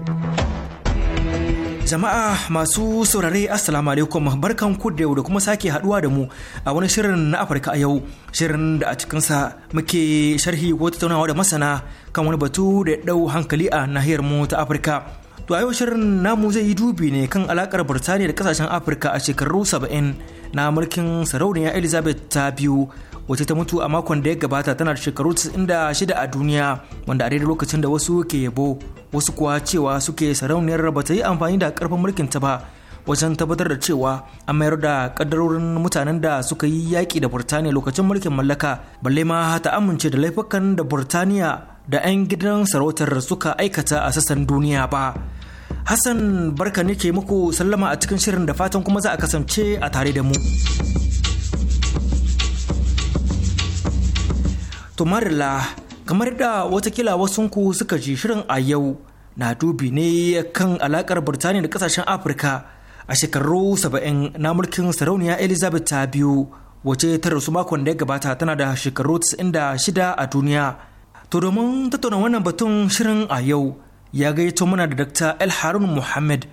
Jama'a masu saurare Assalamu alaikum barkan ku da yau da kuma sake haduwa da mu a wani shirin na Afirka a yau shirin da a cikinsa muke sharhi ko tattaunawa da masana kan wani batu da dau hankali a nahiyar mu ta Afirka. To a yau shirin namu zai yi dubi ne kan alakar Birtaniya da kasashen Afirka a shekaru saba'in na mulkin sarauniya Elizabeth ta biyu wacce ta mutu a makon da ya gabata tana da shekaru 96 a duniya wanda a daidai lokacin da wasu ke yabo wasu kuwa cewa suke sarauniyar ba ta yi amfani da karfin mulkin ta ba wajen tabbatar da cewa an mayar da kaddarorin mutanen da suka yi yaki da burtaniya lokacin mulkin mallaka balle ma ta amince da laifukan da burtaniya da 'yan gidan sarautar suka aikata a sassan duniya ba hassan barka ne ke muku sallama a cikin shirin da fatan kuma za a kasance a tare da mu. la kamar da watakila wasunku suka ji shirin a yau na dubi ne kan alakar Birtaniya da kasashen Afirka a shekaru saba'in na mulkin sarauniya Elizabeth ta biyu wace ta rasu makon da ya gabata tana da shekaru 96 a duniya. To domin tattauna wannan batun shirin a yau ya gaito mana da Dr. El Harun Muhammad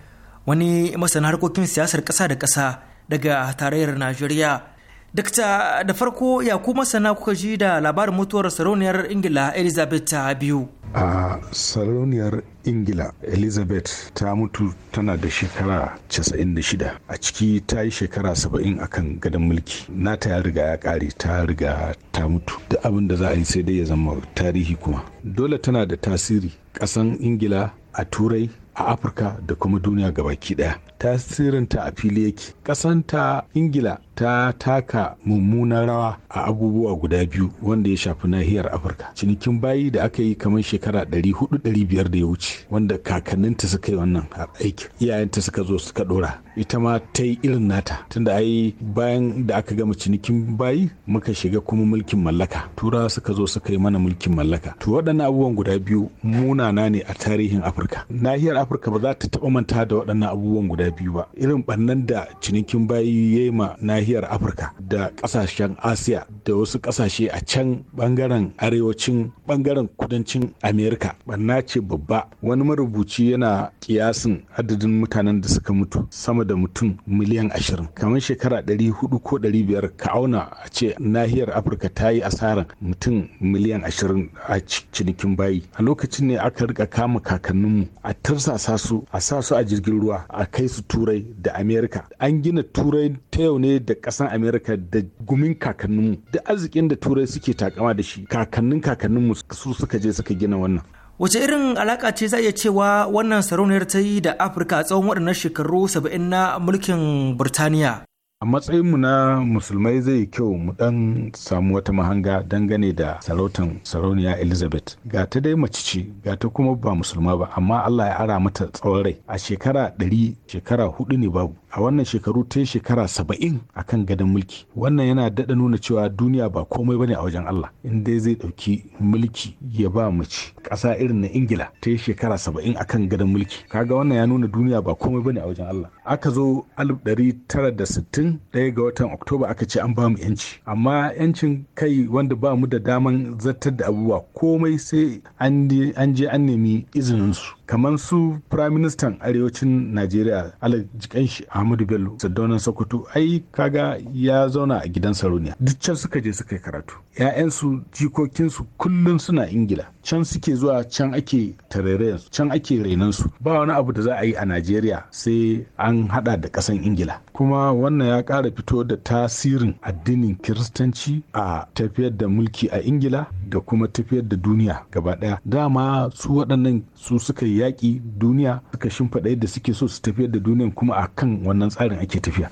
wani masana harkokin siyasar kasa da kasa daga tarayyar Najeriya. Dakta da farko ya ku masana kuka ji da labarin mutuwar sarauniyar Ingila Elizabeth ta biyu. A sarauniyar Ingila Elizabeth ta mutu tana da shekara 96 a ciki ta yi shekara 70 a kan gadon mulki na ta ya riga ya kare ta riga ta mutu da abin da za a yi sai dai ya zama tarihi kuma dole tana da tasiri ƙasan Ingila a turai a afirka da kuma duniya gabaki daya tasirinta a fili yake ƙasanta ingila ta taka mummunan rawa a abubuwa guda biyu wanda ya shafi nahiyar afirka cinikin bayi da aka yi kamar shekara 400-500 da ya wuce wanda kakanninta suka yi wannan aiki. iyayenta suka zo suka dora ita ma ta yi irin nata tunda ai bayan da aka gama cinikin bayi muka shiga kuma mulkin mallaka tura suka zo suka yi mana mulkin mallaka to waɗannan abubuwan guda biyu munana ne a tarihin afirka nahiyar afirka ba za ta taba manta da waɗannan abubuwan guda biyu ba irin ɓannan da cinikin bayi ya yi ma nahiyar afirka da ƙasashen asiya da wasu ƙasashe a can ɓangaren arewacin ɓangaren kudancin amerika ɓanna ce babba wani marubuci yana kiyasin adadin mutanen da suka mutu sama da mutum miliyan ashirin kamar shekara ɗari hudu ko ɗari biyar ka auna a ce nahiyar afirka ta yi asarar mutum miliyan ashirin a cinikin bayi a lokacin ne aka rika kama kakanninmu a tarsa sa su a sa su a jirgin ruwa a kai su turai da amerika an gina turai ta yau ne da kasan amerika da gumin kakanninmu da arzikin da turai suke takama da shi kakannin kakanninmu su suka je suka gina wannan wace irin alaka ce za a iya cewa wannan sarauniyar ta yi da afirka a tsawon waɗannan shekaru saba'in na mulkin birtaniya a matsayinmu na musulmai zai kyau mu dan samu wata mahanga dangane da sarautan sarauniya elizabeth ga ta dai mace ce ga ta kuma ba musulma ba amma allah ya ara mata tsawon rai a shekara ɗari shekara hudu ne babu a wannan shekaru ta shekara saba'in a kan gadon mulki wannan yana daɗa nuna cewa duniya ba komai bane a wajen Allah in dai zai ɗauki mulki ya ba mace ƙasa irin na ingila ta shekara saba'in a kan gadon mulki kaga wannan ya nuna duniya ba komai bane a wajen Allah aka zo alif ɗari tara da sittin ɗaya ga watan oktoba aka ce an bamu mu yanci amma yancin kai wanda ba mu da daman zartar da abubuwa komai sai an je an nemi izinin su kamar su prime arewacin najeriya alajikan jikanshi ahmadu bello sadaunan sokoto ai kaga ya zauna a gidan sarauniya duk can suka je suka yi karatu ya'yansu jikokinsu kullum suna ingila can suke zuwa can ake tarairayensu can ake rainansu ba wani abu da za a yi a najeriya sai an hada da kasan ingila kuma wannan ya kara fito da tasirin addinin kiristanci a tafiyar da mulki a ingila da kuma tafiyar da duniya gaba ɗaya dama su waɗannan su suka yi yaƙi duniya suka shimfiɗa yadda suke so su tafiyar da duniyan kuma a kan wannan tsarin ake tafiya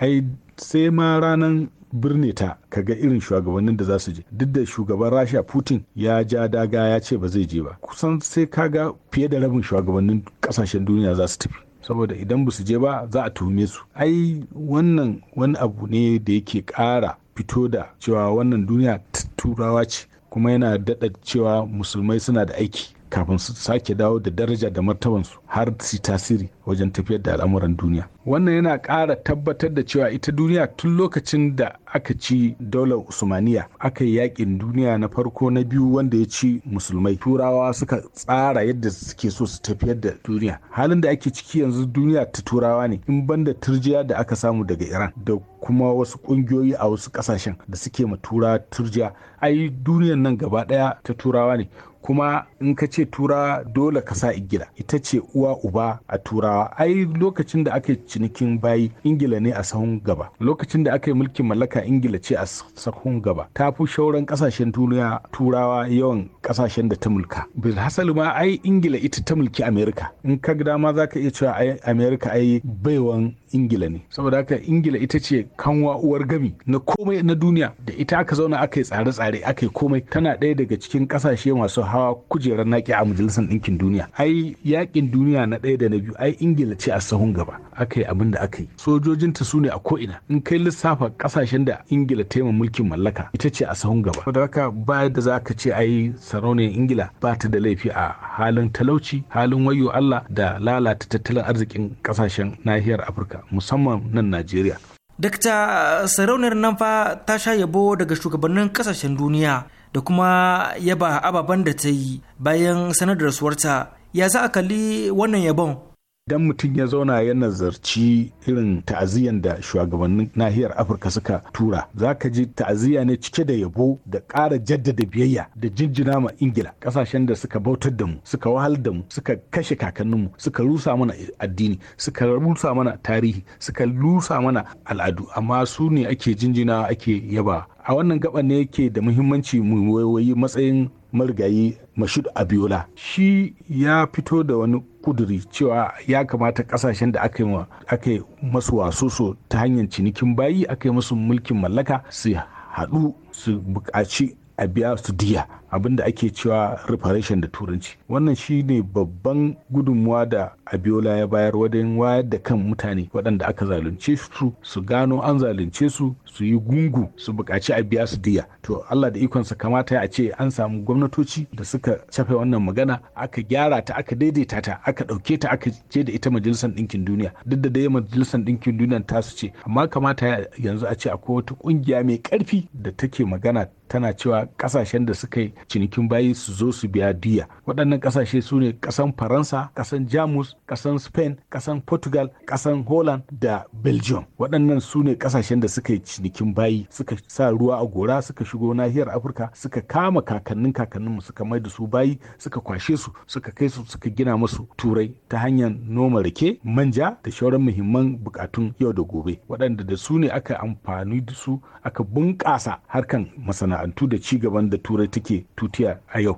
ai sai ma ranan birne ta kaga irin shugabannin da za su je duk da shugaban rasha putin ya ja daga ya ce ba zai je ba kusan sai kaga fiye da rabin shugabannin kasashen duniya za su tafi saboda idan ba su je ba za a tuhume su ai wannan wani abu ne da yake ƙara fito da cewa wannan duniya turawa ce kuma yana daɗa cewa musulmai suna da aiki kafin su sake dawo da daraja da martabansu har su tasiri wajen tafiyar da al'amuran duniya wannan yana ƙara tabbatar da cewa ita duniya tun lokacin da aka ci daular usmaniya aka yi yakin duniya na farko na biyu wanda ya ci musulmai turawa suka tsara yadda suke so su tafiyar da duniya halin da ake ciki yanzu duniya ta turawa ne in banda turjiya da aka samu daga iran da kuma wasu kungiyoyi a wasu kasashen da suke ma turawa turjiya ai duniyan nan gaba daya ta turawa ne kuma in ka ce tura dole ka sa ingila ita ce uwa uba a turawa ai lokacin da aka cinikin bayi ingila ne a sahun gaba lokacin da aka yi mulkin mallaka ingila ce a sahun gaba ta fi shauran kasashen duniya turawa yawan kasashen da ta mulka bil hasali ma ai ingila ita ta mulki amerika in ka ma za ka iya cewa ai amerika ai baiwan ingila ne saboda haka ingila ita ce kanwa uwar gami na komai na duniya da ita aka zauna aka yi tsare-tsare aka yi komai tana ɗaya daga cikin kasashe masu hawa kujerar naki a majalisar ɗinkin duniya ai yakin duniya na ɗaya da na biyu ai ingila ce a sahun gaba aka yi abin da aka yi sojojinta su ne a ko'ina in kai lissafa kasashen da ingila ta yi mulkin mallaka ita ce a sahun gaba saboda haka ba da za ka ce ai sarauniyar ingila ba ta da laifi a halin talauci halin wayo allah da lalata tattalin arzikin ƙasashen nahiyar afirka musamman nan najeriya Dakta sarauniyar nan fa ta sha yabo daga shugabannin kasashen duniya da kuma yaba ababen da ta yi bayan sanar da rasuwarta ya za a kalli wannan yabon idan mutum ya zauna ya nazarci irin ta'aziyan da shugabannin nahiyar afirka suka tura za ka ji ta'aziyya ne cike da yabo da ƙara jaddada biyayya da jinjina ma ingila ƙasashen da suka bautar da mu suka wahal da mu suka kashe kakanninmu suka rusa mana addini suka rusa mana tarihi suka rusa mana al'adu amma su ne ake jinjina ake yaba a wannan gaɓan ne yake da muhimmanci mu wayoyi matsayin marigayi mashud abiola shi ya fito da wani kuduri cewa ya kamata kasashen da aka yi masu wasoso ta hanyar cinikin bayi aka yi masu mulkin mallaka su haɗu su buƙaci a biya su diya abin da ake cewa reparation da turanci wannan shi ne babban gudunmuwa da abiola ya bayar wajen wayar da kan mutane waɗanda aka zalunce su su gano an zalunce su su yi gungu su buƙaci a biya su diya to allah da ikonsa kamata ya ce an samu gwamnatoci da suka shafe wannan magana aka gyara ta aka daidaita ta aka ɗauke ta aka je da ita majalisar ɗinkin duniya duk da dai majalisar ɗinkin duniya ta su ce amma kamata yanzu a ce akwai wata ƙungiya mai ƙarfi da take magana tana cewa ƙasashen da suka yi cinikin bayi su zo su biya diya waɗannan ƙasashe su ne ƙasan faransa ƙasan jamus ƙasan spain ƙasan portugal ƙasan holland da belgium waɗannan su ne ƙasashen da suka yi cinikin bayi suka sa ruwa a gora suka shigo nahiyar afirka suka kama kakannin mu suka mai da su bayi suka kwashe su suka kai su suka gina musu turai ta hanyar noma rake manja da shauran muhimman bukatun yau da gobe waɗanda da su ne aka amfani da su aka bunƙasa harkan masana'antu da ci gaban da turai take tutiya a yau.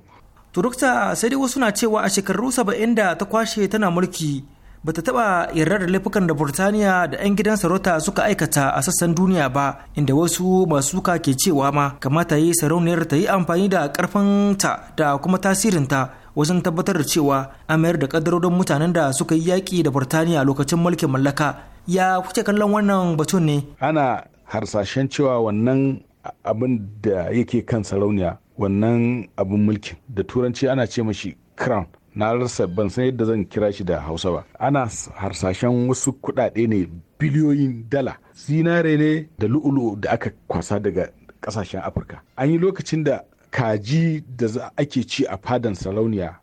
turukta sai dai wasu na cewa a shekaru saba'in da ta kwashe tana mulki ba ta taɓa yarda da laifukan da burtaniya da 'yan gidan sarauta suka aikata a sassan duniya ba inda wasu masu suka ke cewa ma kamata yi sarauniyar ta yi amfani da ta da kuma tasirinta wajen tabbatar da cewa a mayar da kadarorin mutanen da suka yi yaƙi da burtaniya lokacin mulkin mallaka ya kuke kallon wannan batun ne ana harsashen cewa wannan abin da yake kan sarauniya wannan abin mulkin da turanci ana ce mashi crown na rasa ban san yadda zan kira shi da hausa ba ana harsashen wasu kudade ne biliyoyin dala zinare ne da lu'ulu da aka kwasa daga kasashen afirka an yi lokacin da kaji da ake ci a fadan sarauniya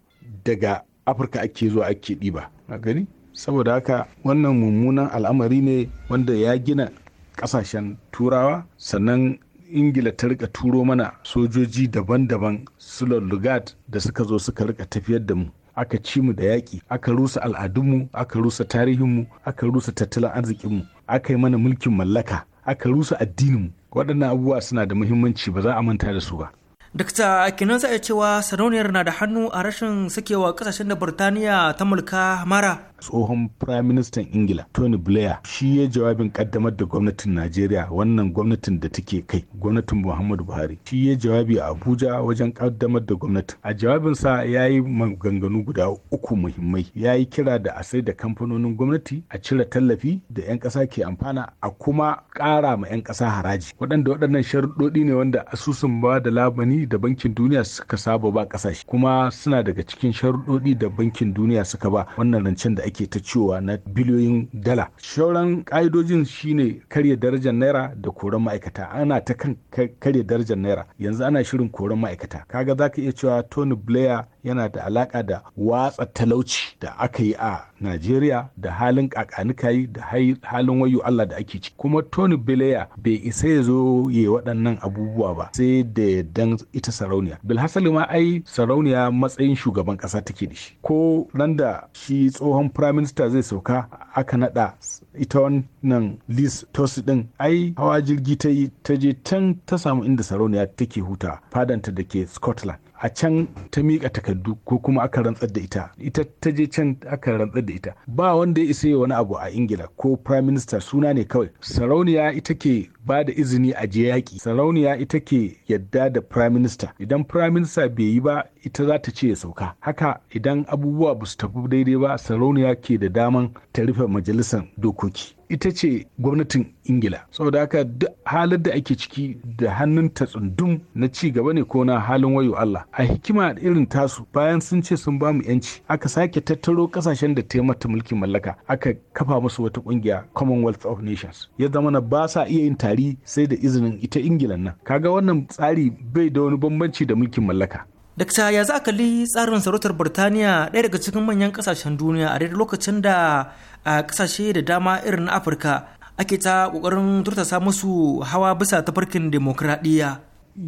daga afirka ake zuwa ake ɗiba a gani saboda haka wannan mummunan al'amari ne wanda ya gina kasashen turawa sannan ingila ta rika turo mana sojoji daban-daban su lullugat da suka zo suka rika tafiyar da mu aka ci mu da yaƙi aka rusa al'adunmu aka rusa tarihinmu aka rusa tattalin arzikinmu aka yi mana mulkin mallaka aka rusa addininmu waɗannan abubuwa suna da muhimmanci ba za a manta da su ba Dakta kinan za cewa sarauniyar na da hannu a rashin sakewa kasashen da burtaniya ta mulka mara. tsohon firaministan ingila tony blair shi ya jawabin kaddamar da gwamnatin najeriya wannan gwamnatin da take kai gwamnatin muhammadu buhari shi ya jawabi a abuja wajen kaddamar da gwamnatin a jawabinsa ya yi maganganu guda uku muhimmai ya yi kira da a sai da kamfanonin gwamnati a cire tallafi da 'yan kasa ke amfana a kuma kara ma 'yan kasa haraji waɗanda waɗannan sharuɗoɗi ne wanda asusun ba da labani da bankin duniya suka saba ba ƙasashe kuma suna daga cikin sharuɗoɗi da bankin duniya suka ba wannan rancen da ake ta cewa na biliyoyin dala shauran ƙa'idojin shine karya darajar naira da koran ma'aikata ana ta kan karya darajar naira yanzu ana shirin koran ma'aikata kaga za ka iya cewa tony blair yana da alaƙa da watsa talauci da aka yi a Najeriya da halin kakanikayi da halin wayo Allah da ake ci. Kuma Tony Blair bai isa ya zo ya waɗannan abubuwa ba sai da dan ita sarauniya. Bilhassali ma ai sarauniya matsayin shugaban ƙasa take da shi. Ko nan da shi tsohon firaminista zai sauka aka naɗa ita wannan Liz Tosi ɗin ai hawa jirgi ta yi ta je can ta samu inda sarauniya take huta fadanta da ke Scotland. a can ta miƙa takardu ko kuma aka rantsar da ita ita ta je can aka rantsar da ita ba wanda ya isa wani abu a ingila ko prime minister suna ne kawai sarauniya ita ke ba da izini a je yaƙi sarauniya ita ke yadda da prime minister idan prime minister bai yi ba ita za ta ce ya sauka haka idan abubuwa ba su tafi daidai ba sarauniya ke da daman ta rufe majalisar dokoki ita ce gwamnatin ingila saboda haka duk halar da ake ciki da hannun ta tsundum na ci gaba ne ko na halin wayo Allah a hikima irin tasu bayan sun ce sun bamu yanci aka sake tattaro kasashen da ta mata mulkin mallaka aka kafa musu wata kungiya Commonwealth of Nations ya zama na ba sa iya yin tari sai da izinin ita Ingila nan kaga wannan tsari bai da wani bambanci da mulkin mallaka Dakta ya za a kalli tsarin sarautar Birtaniya ɗaya daga cikin manyan ƙasashen duniya a daidai lokacin da a ƙasashe da dama irin na Afirka ake ta ƙoƙarin turtasa musu hawa bisa tafarkin demokradiyya.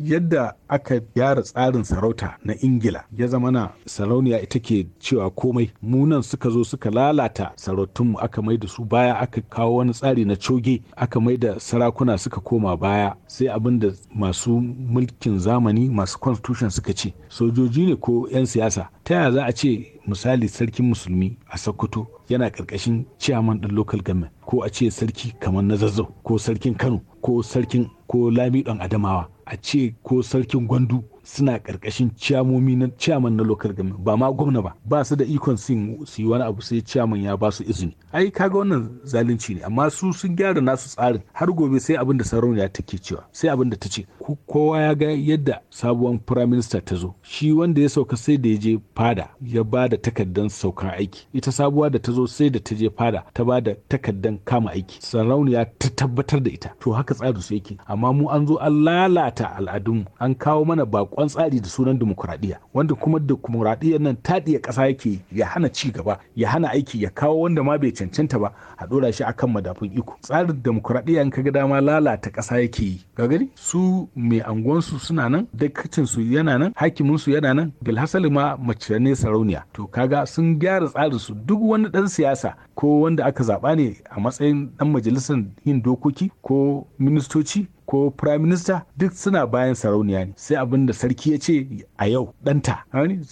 yadda aka gyara tsarin sarauta na ingila ya zama na sarauniya ita ke cewa komai munan suka zo suka lalata sarautunmu aka mai da su baya aka kawo wani tsari na coge aka mai da sarakuna suka koma baya sai abin da masu mulkin zamani masu constitution suka ce sojoji ne ko 'yan siyasa ta yaya za a ce misali sarkin musulmi a sokoto yana karkashin ciyaman ɗin local government ko a ce sarki kamar na zazzau ko sarkin kano ko sarkin ko lami ɗan adamawa a ce ko sarkin gwandu suna karkashin ciyamomi na ciyaman na local government ba ma gwamna ba ba su da ikon sin su yi wani abu sai ciyaman ya ba su izini ai kaga wannan zalunci ne amma su sun gyara nasu tsarin har gobe sai abin da sarauniya take cewa sai abin da ta ce kowa ya ga yadda sabuwan prime minister ta zo shi wanda ya sauka sai da ya je fada ya ba da takardan saukan aiki ita sabuwa da ta zo sai da ta je fada ta ba da takardan kama aiki sarauniya ta tabbatar da ita to haka tsarin su yake amma mu an zo an lalata al'adunmu an kawo mana bako zaben tsari da sunan demokuraɗiyya wanda kuma demokuraɗiyyar nan taɗiya ƙasa yake ya hana ci gaba ya hana aiki ya kawo wanda ma bai cancanta ba a ɗora shi akan madafun iko tsarin demokuraɗiyya in kaga dama lalata ƙasa yake yi ga su mai anguwansu suna nan dakacin su yana nan hakimin su yana nan bilhassali ma mace ne sarauniya to kaga sun gyara tsarin su duk wani ɗan siyasa ko wanda aka zaɓa ne a matsayin ɗan majalisar yin dokoki ko ministoci ko prime minister duk suna bayan sarauniya ne sai abin da sarki ya ce a yau ɗanta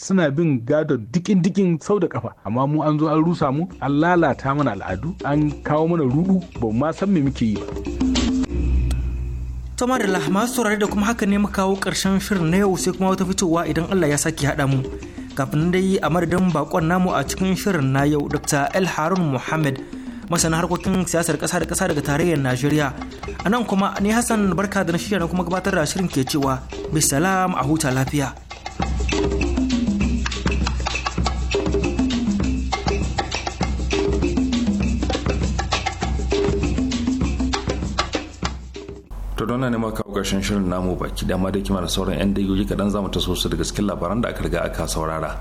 suna bin gadon dikin dikin sau da kafa amma mu an zo an rusa mu an lalata mana al'adu an kawo mana rudu ba ma san me muke yi ba Tama da masu saurari da kuma haka ne kawo karshen shirin na yau sai kuma wata fitowa idan Allah ya saki haɗa mu. Kafin dai a madadin bakon namu a cikin shirin na yau Dr. El Harun Muhammad masana harkokin siyasar ƙasa da kasa daga tarayyar Najeriya. A nan kuma ni Hassan barka da na shirya na kuma gabatar da shirin ke cewa bisalam a huta lafiya. to don ne kawo ƙarshen shirin namu baki dama da kima da sauran 'yan dayoyi kaɗan zamu taso su da gaskin labaran da aka riga aka saurara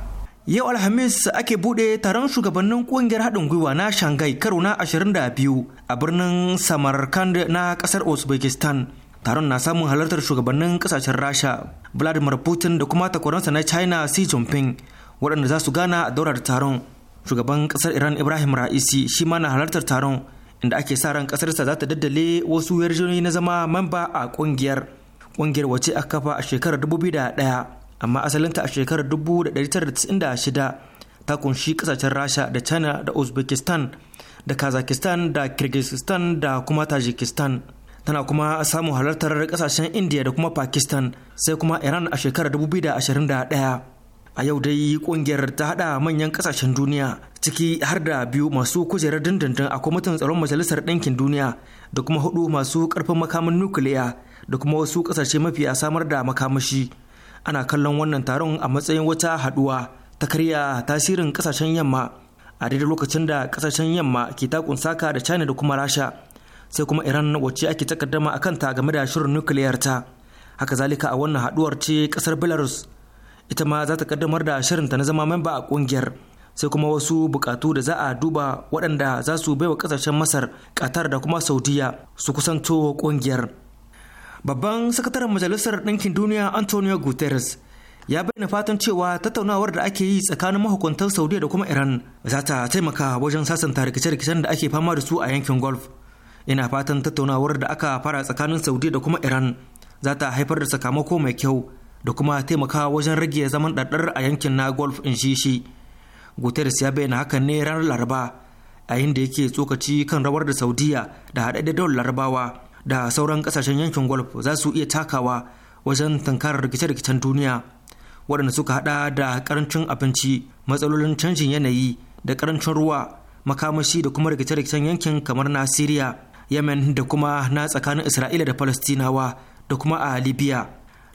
Yau Alhamis ake bude taron shugabannin kungiyar haɗin gwiwa na Shanghai karo na 22 a birnin Samarkand na ƙasar Uzbekistan. Taron na samun halartar shugabannin ƙasashen Rasha, Vladimir Putin da kuma takwaransa na China Xi Jinping waɗanda za su gana a daular taron. Shugaban ƙasar Iran Ibrahim Ra'isi shi ma na halartar taron inda ake sa ran ƙasarsa za ta daddale wasu yarjejeniyoyi na zama mamba a ƙungiyar. Ƙungiyar wace aka kafa a shekarar 2001 amma asalinta a shekarar 1996 ta kunshi kasashen rasha da china da uzbekistan da kazakistan da kyrgyzstan da kuma tajikistan tana kuma samun halartar kasashen india da kuma pakistan sai kuma iran a shekarar 2021 a yau dai kungiyar ta hada manyan kasashen duniya ciki har da biyu masu kujerar dindindin a kwamitin tsaron majalisar ɗinkin duniya da kuma hudu masu karfin makamin nukiliya da kuma wasu kasashe mafiya samar da makamashi ana kallon wannan taron a matsayin wata haduwa ta karya tasirin kasashen yamma a daidai lokacin da kasashen yamma ke takun saka da china da kuma rasha sai kuma iran wacce ake takaddama a kanta game da shirin nukiliyar ta haka zalika a wannan haduwar ce kasar belarus ita ma za ta kaddamar da shirinta na zama memba a ƙungiyar sai kuma wasu bukatu da za a duba waɗanda za su baiwa ƙasashen masar qatar da kuma saudiya su kusanto ƙungiyar babban sakataren majalisar ɗinkin duniya antonio guterres ya bayyana fatan cewa tattaunawar da ake yi tsakanin mahukuntar saudiya da kuma iran za ta taimaka wajen sasanta rikice-rikicen da ake fama da su a yankin golf ina fatan tattaunawar da aka fara tsakanin saudiya da kuma iran za ta haifar da sakamako mai kyau da kuma taimaka wajen rage zaman ɗaɗɗar a yankin na golf in shi shi guterres ya bayyana hakan ne ranar laraba a da yake tsokaci kan rawar da saudiya da haɗaɗɗen larabawa da sauran kasashen yankin golf za su iya takawa wajen tankar rikice-rikicen duniya waɗanda suka hada da karancin abinci matsalolin canjin yanayi da karancin ruwa makamashi da kuma rikice-rikicen yankin kamar na syria yemen da kuma na tsakanin isra'ila da palestinawa da kuma a libya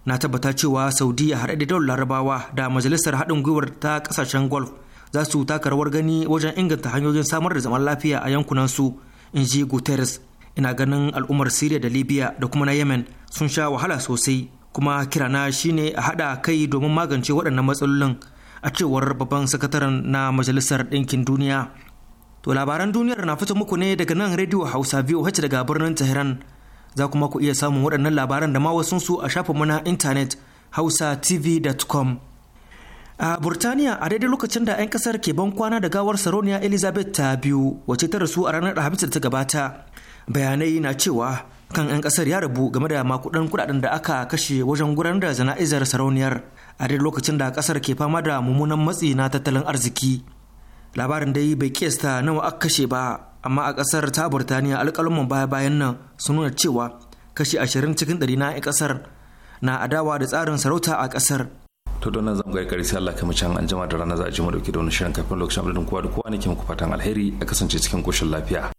na tabbata cewa saudiya har da larabawa da majalisar haɗin gwiwar ta ƙasashen golf za su taka rawar gani wajen inganta hanyoyin samar da zaman lafiya a yankunansu in ji guterres ina ganin al'ummar Siriya da Libya da kuma na Yemen sun sha wahala sosai kuma kirana shine a haɗa kai domin magance waɗannan matsalolin a cewar babban sakataren na Majalisar Ɗinkin Duniya. To labaran duniyar na fito muku ne daga nan Radio Hausa VOH daga birnin Tehran. Za kuma ku iya samun waɗannan labaran da ma su a shafinmu na intanet hausatv.com. A Burtaniya a daidai lokacin da 'yan kasar ke ban kwana da gawar Saroniya Elizabeth ta biyu wacce ta rasu a ranar Alhamis da ta gabata. bayanai na cewa kan 'yan kasar ya rabu game da makudan kudaden da aka kashe wajen gudanar da zana'izar sarauniyar a duk lokacin da kasar ke fama da mummunan matsi na tattalin arziki labarin dai bai kiyasta nawa aka kashe ba amma a kasar ta burtaniya alƙalman baya bayan nan sun nuna cewa kashi ashirin cikin ɗari na 'yan kasar na adawa da tsarin sarauta a kasar to don nan zan ga sai Allah kamar can an da rana za a ji mu dauke da wani shirin kafin lokacin abudin kowa da kowa ne ke muku fatan alheri a kasance cikin koshin lafiya